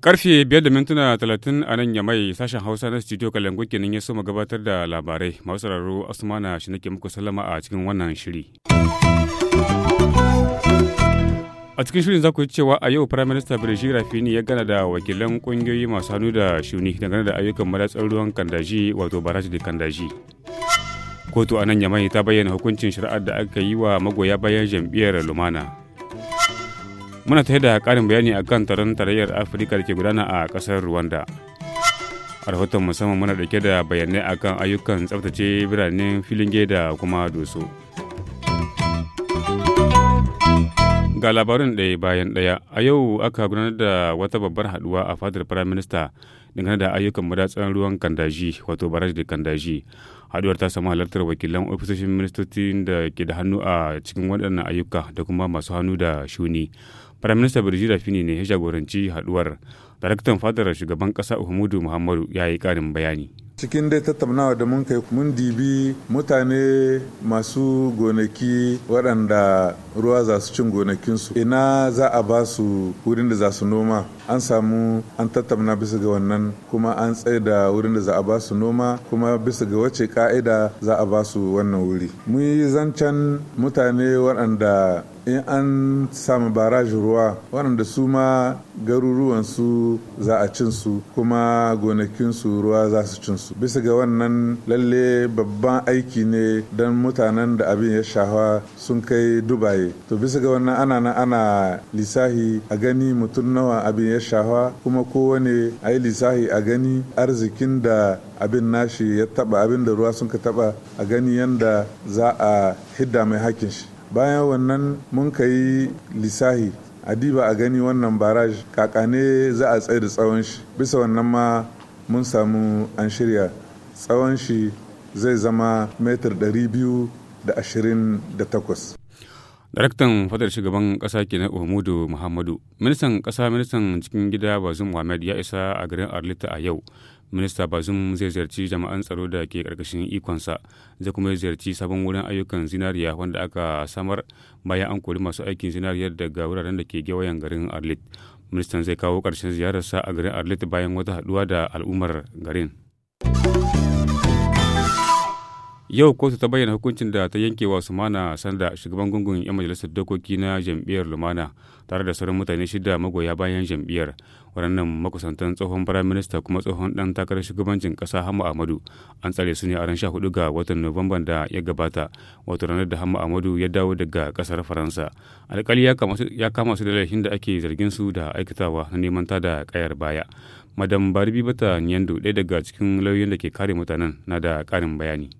Karfe biyar da mintuna talatin a nan ya mai sashen Hausa na studio Kalangu kenan ya soma gabatar da labarai. Masu sauraro Asmana shi nake muku sallama a cikin wannan shiri. A cikin shirin za ku cewa a yau Prime Minister Birji Rafini ya gana da wakilan kungiyoyi masu hannu da shuni dangane da ayyukan madatsar ruwan Kandaji wato Baraji da Kandaji. Kotu a nan Yamai ta bayyana hukuncin shari'ar da aka yi wa magoya bayan jam'iyyar Lumana. Muna tare da karin bayani akan taron tarayyar Afirka da ke gudana a kasar Rwanda. a rahoton musamman muna dauke da bayanai akan ayyukan tsaftace biranen filin da kuma doso. Ga labarin ɗaya bayan ɗaya, a yau aka gudanar da wata babbar haɗuwa a fadar firaminista dangane da ayyukan madatsan ruwan kandaji wato baraj da kandaji. Haɗuwar ta samu halartar wakilan ofisoshin ministocin da ke da hannu a cikin waɗannan ayyuka da kuma masu hannu da shuni. Firaminista Birjira Fini ne ya jagoranci haɗuwar. Daraktan fadar shugaban kasa Uhumudu Muhammadu ya yi ƙarin bayani. cikin dai tattaunawa da mun kai mun dibi mutane masu gonaki waɗanda ruwa za su cin gonakinsu ina za a ba su wurin da za su noma an samu an tattauna bisa ga wannan kuma an tsaida wurin da za a ba su noma kuma bisa ga wace ka'ida za a ba su wannan wuri mun yi zancen mutane waɗanda in an samu baraji ruwa waɗanda su ma garuruwansu za a cin su kuma gonakinsu ruwa za su cin su bisa ga wannan lalle babban aiki ne don mutanen da abin ya shafa sun kai dubaye to bisa ga wannan ana na ana lisahi a gani mutum nawa abin ya shafa kuma kowane a yi lisahi a gani arzikin da abin nashi ya taba abin da ruwa sun ka taba a gani yanda za a hidda mai hakin shi bayan wannan mun ka yi lissahi adiba a gani wannan baraj kakane za a tsaye da tsawon shi bisa wannan ma mun samu an shirya tsawon shi zai zama metar 228 daraktan fadar shugaban kasa ke na muhammadu muhammadu ministan kasa ministan cikin gida bazum muhammad ya isa a garin arlita a yau minista bazum zai ziyarci jami'an tsaro da ke karkashin ikonsa zai kuma ziyarci sabon wurin ayyukan zinariya wanda aka samar bayan an kori masu aikin zinariya daga wuraren da ke gewayen garin arlit ministan zai kawo ƙarshen ziyararsa a garin arlit bayan wata haɗuwa da al'ummar garin yau kotu ta bayyana hukuncin da ta yanke wa sumana sanda shugaban gungun 'yan majalisar dokoki na jam'iyyar lumana tare da sauran mutane shida magoya bayan jam'iyyar waɗannan makusantan tsohon firaminista kuma tsohon ɗan takarar shugabancin ƙasa hamu amadu an tsare su ne a ran sha hudu ga watan nuwamban da ya gabata wato ranar da hamu amadu ya dawo daga ƙasar faransa alƙali ya kama su da laifin da ake zargin su da aikatawa na neman tada ƙayar baya madam baribi bata nyando ɗaya daga cikin lauyoyin da ke kare mutanen na da ƙarin bayani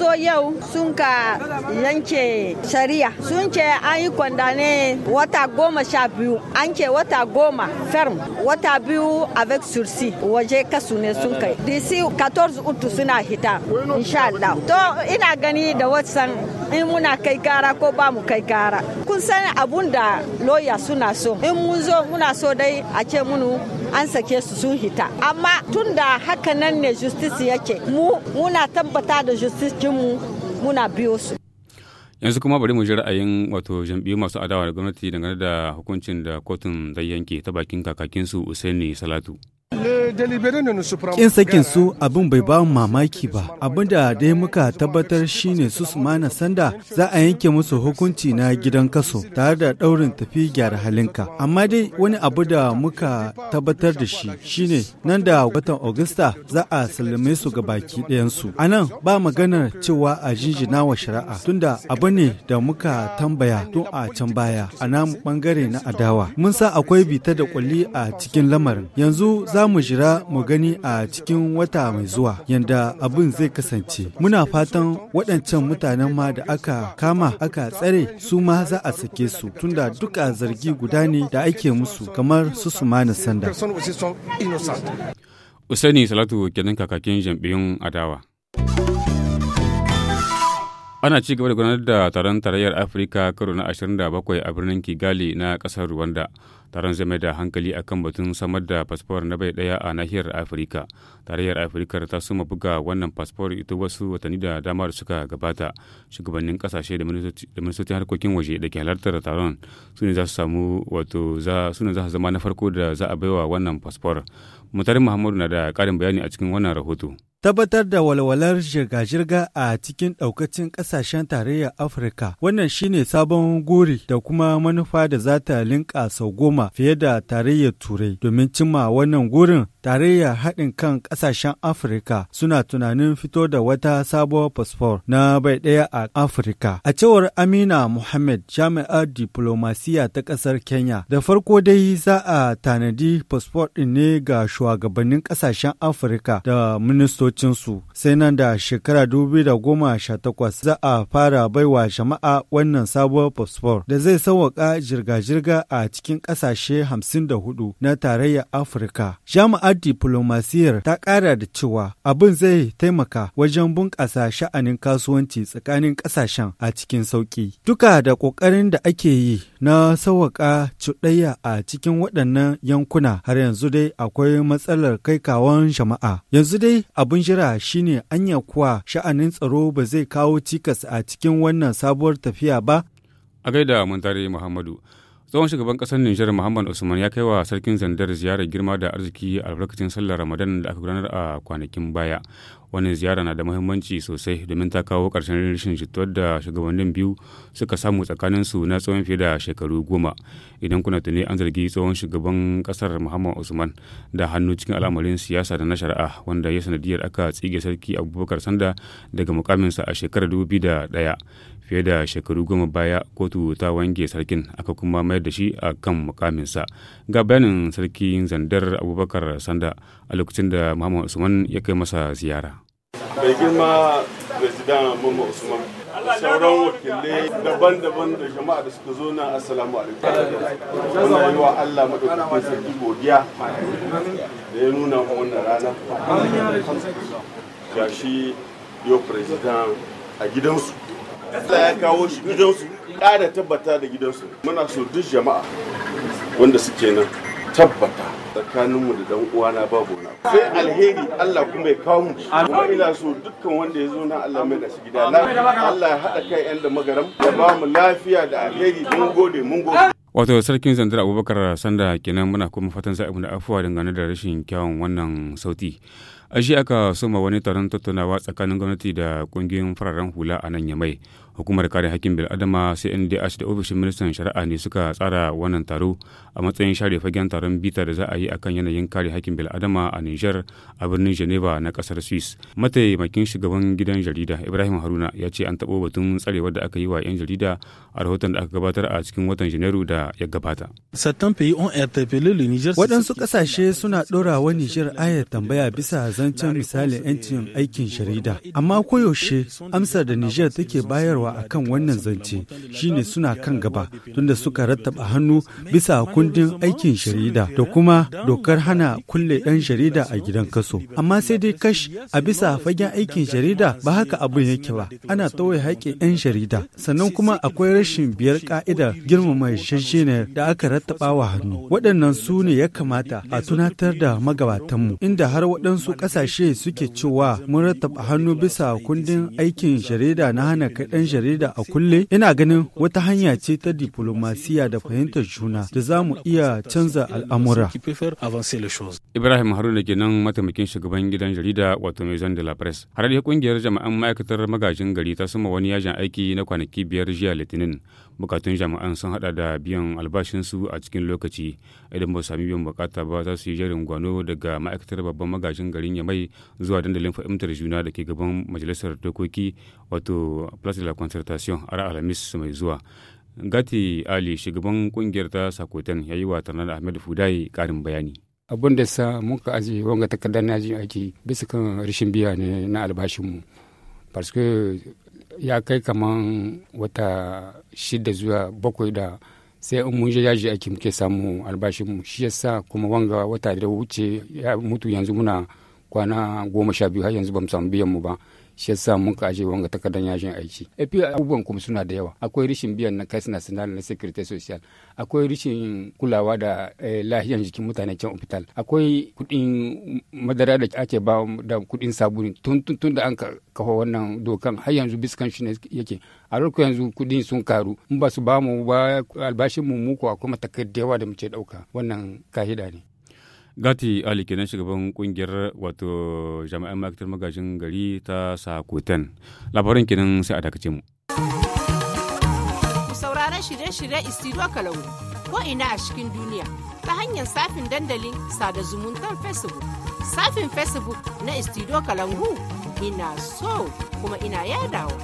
zo yau sun ka yanke shari'a sun ce an yi kwandane wata goma sha biyu an ce wata goma ferm wata biyu avec sursi waje kasu ne sun kai disi 14 utu suna hita insha Allah to ina gani da watsan in muna kai kara ko ba mu kai kara kun san abun da loya suna so in mun zo muna so dai a ce munu an sake su sun hita amma tun da haka nan ne justice yake mu muna tabbata da justice mu muna biyo su yanzu kuma bari mu ji ra'ayin wato jam'iyyu masu adawa da gwamnati dangane da hukuncin da kotun zai yanke ta bakin kakakinsu usaini salatu Kin sakin su abin bai ba mamaki ba. Abin da dai muka tabbatar shine su mana Sanda za a yanke musu hukunci na gidan kaso tare da daurin tafi gyara halinka. Amma dai wani abu da muka tabbatar da shi shine nan da watan Agusta za a sallame su ga baki ɗayansu. A nan ba maganar cewa a jinjina wa shari'a tunda abu ne da muka tambaya tun a can baya a namu bangare na adawa. Mun sa akwai bita da kwalli a cikin lamarin. Yanzu za mu jira jira mu gani a cikin wata mai zuwa yadda abin zai kasance. Muna fatan waɗancan mutanen ma da aka kama aka tsare su ma za a sake su tunda duka zargi guda ne da ake musu kamar su su mana sanda. Usaini Salatu kenan kakakin jam'iyyun adawa. ana ci gaba da gudanar da taron tarayyar afirka karo na 27 a birnin kigali na kasar rwanda taron zai mai da hankali akan batun samar da fasfor na bai daya a nahiyar afirka tarayyar afirka ta suma buga wannan fasfor ita wasu watanni da dama da suka gabata shugabannin kasashe da ministocin harkokin waje da ke halartar taron su ne za su samu wato su ne za su zama na farko da za a baiwa wannan fasfor mutarin muhammadu na da karin bayani a cikin wannan rahoto Tabbatar da walwalar jirga-jirga a cikin ɗaukacin ƙasashen tarayyar Afirka. Wannan shine sabon guri da kuma manufa da za ta linka sau goma fiye da tarayyar Turai. Domin cimma wannan gurin tarayyar haɗin kan ƙasashen Afirka suna tunanin fito da wata sabuwar fasfor na bai ɗaya a Afirka. A cewar Amina Mohammed, jami'ar diplomasiya ta ƙasar Kenya, da farko dai za a tanadi fasfor ɗin ne ga shugabannin ƙasashen Afirka da ministocinsu. Sai nan da shekara takwas za a fara baiwa jama'a wannan sabuwar fasfor da zai sauwaƙa jirga-jirga a cikin ƙasashe hamsin da hudu na tarayyar Afirka. Jami'ar jami'ar diplomasiyar ta ƙara da cewa abin zai taimaka wajen bunƙasa sha'anin kasuwanci tsakanin ƙasashen a cikin sauƙi. Duka da ƙoƙarin da ake yi na sauwaƙa cuɗayya a cikin waɗannan yankuna har yanzu dai akwai matsalar kai kawon jama'a. Yanzu dai abin jira shine anya kuwa sha'anin tsaro ba zai kawo cikas a cikin wannan sabuwar tafiya ba. A gaida Muhammadu. tsohon shugaban kasar Nijar Muhammad Usman ya kai wa sarkin zandar ziyarar girma da arziki a albarkacin sallar Ramadan da aka gudanar a kwanakin baya. Wannan ziyara na da muhimmanci sosai domin ta kawo ƙarshen rashin jituwar da shugabannin biyu suka samu tsakanin su na tsawon fiye da shekaru goma. Idan kuna tuni an zargi tsohon shugaban kasar Muhammad Usman da hannu cikin al'amarin siyasa da na shari'a wanda ya sanadiyar aka tsige sarki Abubakar Sanda daga mukaminsa a shekarar 2001. fiye da shekaru goma baya kotu ta wange sarkin aka kuma mayar da shi a kan mukaminsa ga bayanin sarkin zandar abubakar sanda a lokacin da muhammad usman ya kai masa ziyara mai girma president muhammad usman sauran wakilai daban-daban da jama'a da suka zo na assalamu alaikum muna yi wa Allah madaukakin sarki godiya da ya nuna mu wannan rana gashi yau president a gidansu Allah ya kawo shi gidansu ƙara tabbata da gidansu muna so duk jama'a wanda suke nan tabbata tsakaninmu da dan uwana babu na sai alheri Allah kuma ya kawo mu kuma ina so dukkan wanda ya zo na Allah mai nashi gida Allah ya haɗa kai yan da magaram ya ba mu lafiya da alheri mun gode mun gode wato sarkin zandar abubakar sanda kenan muna kuma fatan sa da afuwa dangane da rashin kyawun wannan sauti a aka soma wani taron tattaunawa tsakanin gwamnati da kungiyoyin fararen hula a nan yamai hukumar kare hakkin bil'adama cndh da ofishin ministan shari'a ne suka tsara wannan taro a matsayin share fagen taron bita da za a yi akan yanayin kare hakkin bil'adama a niger a birnin geneva na kasar swiss mataimakin shugaban gidan jarida ibrahim haruna ya ce an tabo batun tsarewar da aka yi wa 'yan jarida a rahoton da aka gabatar a cikin watan janairu da ya gabata waɗansu ƙasashe suna ɗorawa wa niger ayar tambaya bisa zancen misalin 'yancin aikin jarida amma koyaushe amsar da niger take bayarwa a kan wannan zance shine suna kan gaba tunda suka rattaba hannu bisa kundin aikin shari'a da kuma dokar hana kulle ɗan shari'a a gidan kaso amma sai dai kash a bisa fagen aikin shari'a ba haka abin yake ba ana tsawaye haƙƙin 'yan shari'a sannan kuma akwai rashin biyar ƙa'idar girmama shashinar da aka rattaba wa hannu waɗannan su ne ya kamata a tunatar da magabatanmu inda har waɗansu ƙasashe suke cewa mun rattaba hannu bisa kundin aikin shari'a na hana ɗan shari'a jarida a kulle ina ganin wata hanya ce ta diplomasiya da fahimtar juna da za mu iya canza al'amura. Ibrahim Haruna kenan mataimakin shugaban gidan jarida wato Maison de la Presse. Har da kungiyar jama'an ma'aikatar magajin gari ta sama wani yajin aiki na kwanaki biyar jiya Litinin. Bukatun jama'an sun hada da biyan albashinsu a cikin lokaci. Idan ba sami biyan bukata ba za su yi jerin gwano daga ma'aikatar babban magajin garin mai zuwa dandalin fahimtar juna da ke gaban majalisar dokoki wato Place concertation a alhamis mai zuwa gati ali shugaban kungiyar ta sakoten ya yi wa tanar ahmed fudai karin bayani abin da sa muka aji wanga takardar na jin aiki bisa kan rashin biya ne na albashinmu parce ya kai kaman wata shida zuwa bakwai da sai in mun yaji aiki muke samu mu shi yasa kuma wanga wata da wuce ya mutu yanzu muna kwana goma sha biyu har yanzu ba mu samu biyan mu ba shi mun muka aje wanga takardar yashin aiki a e, fiye abubuwan kuma suna da yawa akwai rishin biyan na kasu national na security social akwai rishin kulawa da eh, lahiyan jikin mutane can hospital akwai kudin madara da ake ba da kudin sabuni tun tun da an kafa wannan dokan har yanzu biskan shi ne yake a rukun yanzu kudin sun karu in ba su ba mu ba albashin mu muku akwai matakai da yawa da muke dauka wannan kahida ne Gati Ali kenan shugaban kungiyar wato jami'an makitar magajin gari ta Sakoten. Labarin kenan sai a dakace mu. Sauraron shirye-shirye Istiro Kalau ko ina a cikin duniya ta hanyar safin dandalin sada zumuntar Facebook. Safin Facebook na Istiro Kalangu ina so kuma ina yadawa.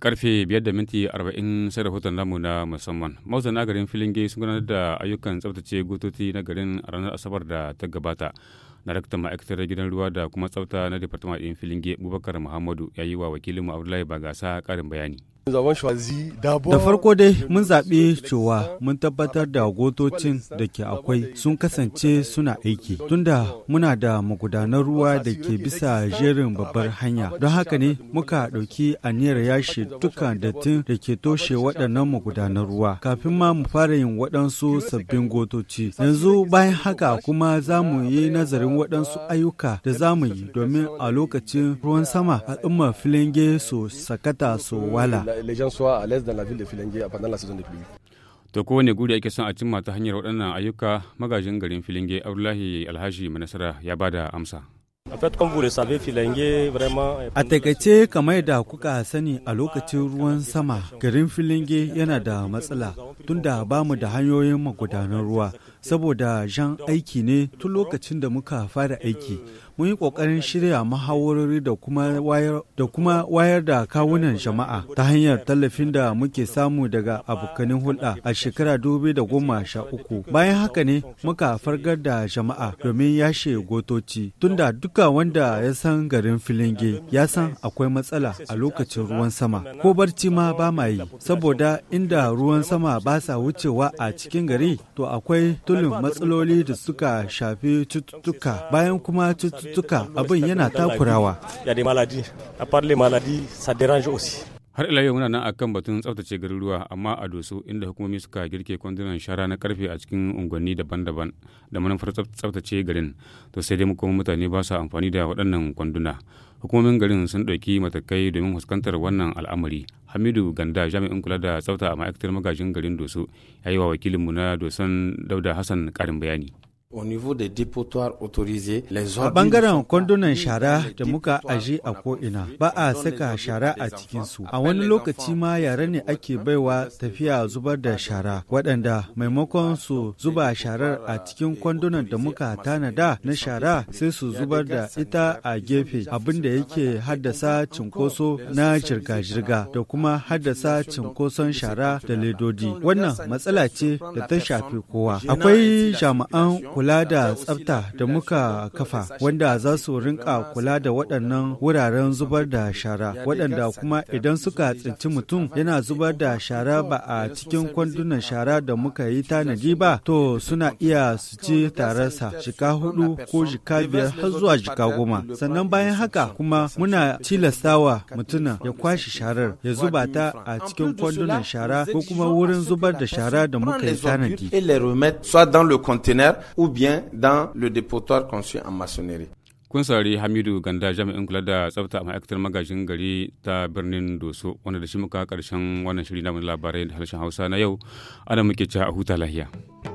Karfe biyar da minti arba'in sai rahoton namu na musamman. Mausana garin Filinge sun gudanar da ayyukan tsabtace gutoti na garin ranar Asabar da ta gabata. na rakta ma'aikatar gidan ruwa da kuma tsafta na departament ɗin filinge bubakar muhammadu ya yi wa wakilinmu abdullahi bagasa karin bayani Da farko dai mun zaɓi cewa mun tabbatar da gotocin da ke akwai sun kasance suna aiki tunda muna da magudanar ruwa da ke bisa jerin babbar hanya. Don haka ne muka ɗauki aniyar yashe dukkan dattin da ke toshe waɗannan magudanar ruwa kafin ma mu fara yin waɗansu sabbin gotoci. Yanzu bayan haka kuma za mu yi nazarin waɗansu ayyuka da za mu yi domin a lokacin ruwan sama al'ummar filinge su sakata su wala. les gens soient à l'aise dans la ville de Filenge pendant la saison de pluie. To kowane guri ake son a cimma ta hanyar waɗannan ayyuka magajin garin Filinge Abdullahi Alhaji Manasara ya bada amsa. A takaice kamar da kuka sani a lokacin ruwan sama garin filinge yana da matsala tunda ba mu da hanyoyin magudanan ruwa saboda jan aiki ne tun lokacin da muka fara aiki mun yi ƙoƙarin shirya mahawarori da kuma wayar da kawunan jama'a ta hanyar tallafin da muke samu daga abokanin hulɗa a shekara goma uku. Bayan haka ne muka fargar da jama'a domin yashe gotoci tunda duka wanda ya san garin Filinge ya san akwai matsala a lokacin ruwan sama. Ko barci ma ba ma yi saboda inda ruwan sama ba sa wucewa a cikin gari to akwai tulin matsaloli da suka shafi cututtuka bayan kuma cututtuka cututtuka abin yana takurawa har ila yau muna nan akan batun tsaftace garuruwa amma a doso inda hukumomi suka girke kwandunan shara na karfe a cikin unguwanni daban-daban da manufar tsaftace garin to sai dai kuma mutane ba su amfani da waɗannan kwanduna hukumomin garin sun ɗauki matakai domin fuskantar wannan al'amari hamidu ganda jami'in kula da tsafta a ma'aikatar magajin garin doso ya yi wa wakilinmu na doson dauda hassan ƙarin bayani A bangaren kwandunan shara da muka aje a ko'ina ba a saka shara a cikinsu. A wani lokaci ma yare ne ake baiwa tafiya zubar da shara waɗanda maimakon su zuba sharar a cikin kwandunan da muka tanada na shara sai su zubar da ita a gefe abinda yake haddasa cinkoso na jirga-jirga da kuma haddasa cinkoson shara da ledodi. Wannan matsala ce da ta shafi kowa. Akwai jami'an kula da tsafta da muka kafa wanda za su rinka kula da waɗannan wuraren zubar da shara waɗanda kuma idan suka tsinci mutum yana zubar da shara ba a cikin kwandunan shara da muka yi tanadi ba to suna iya su ci tararsa jika hudu ko jika biyar har zuwa jika goma sannan bayan haka kuma muna tilastawa mutumin ya kwashe sharar ya zuba ta a cikin kwandunan shara ko kuma wurin zubar da shara da muka yi tanadi. le bien dans le dépotoir conçu en maçonnerie. kun saurari hamidu ganda jami'in kula da tsafta a ma'aikatar magajin gari ta birnin doso wanda da shi muka karshen wannan shiri na labarai da harshen hausa na yau ana muke ci a huta lahiya.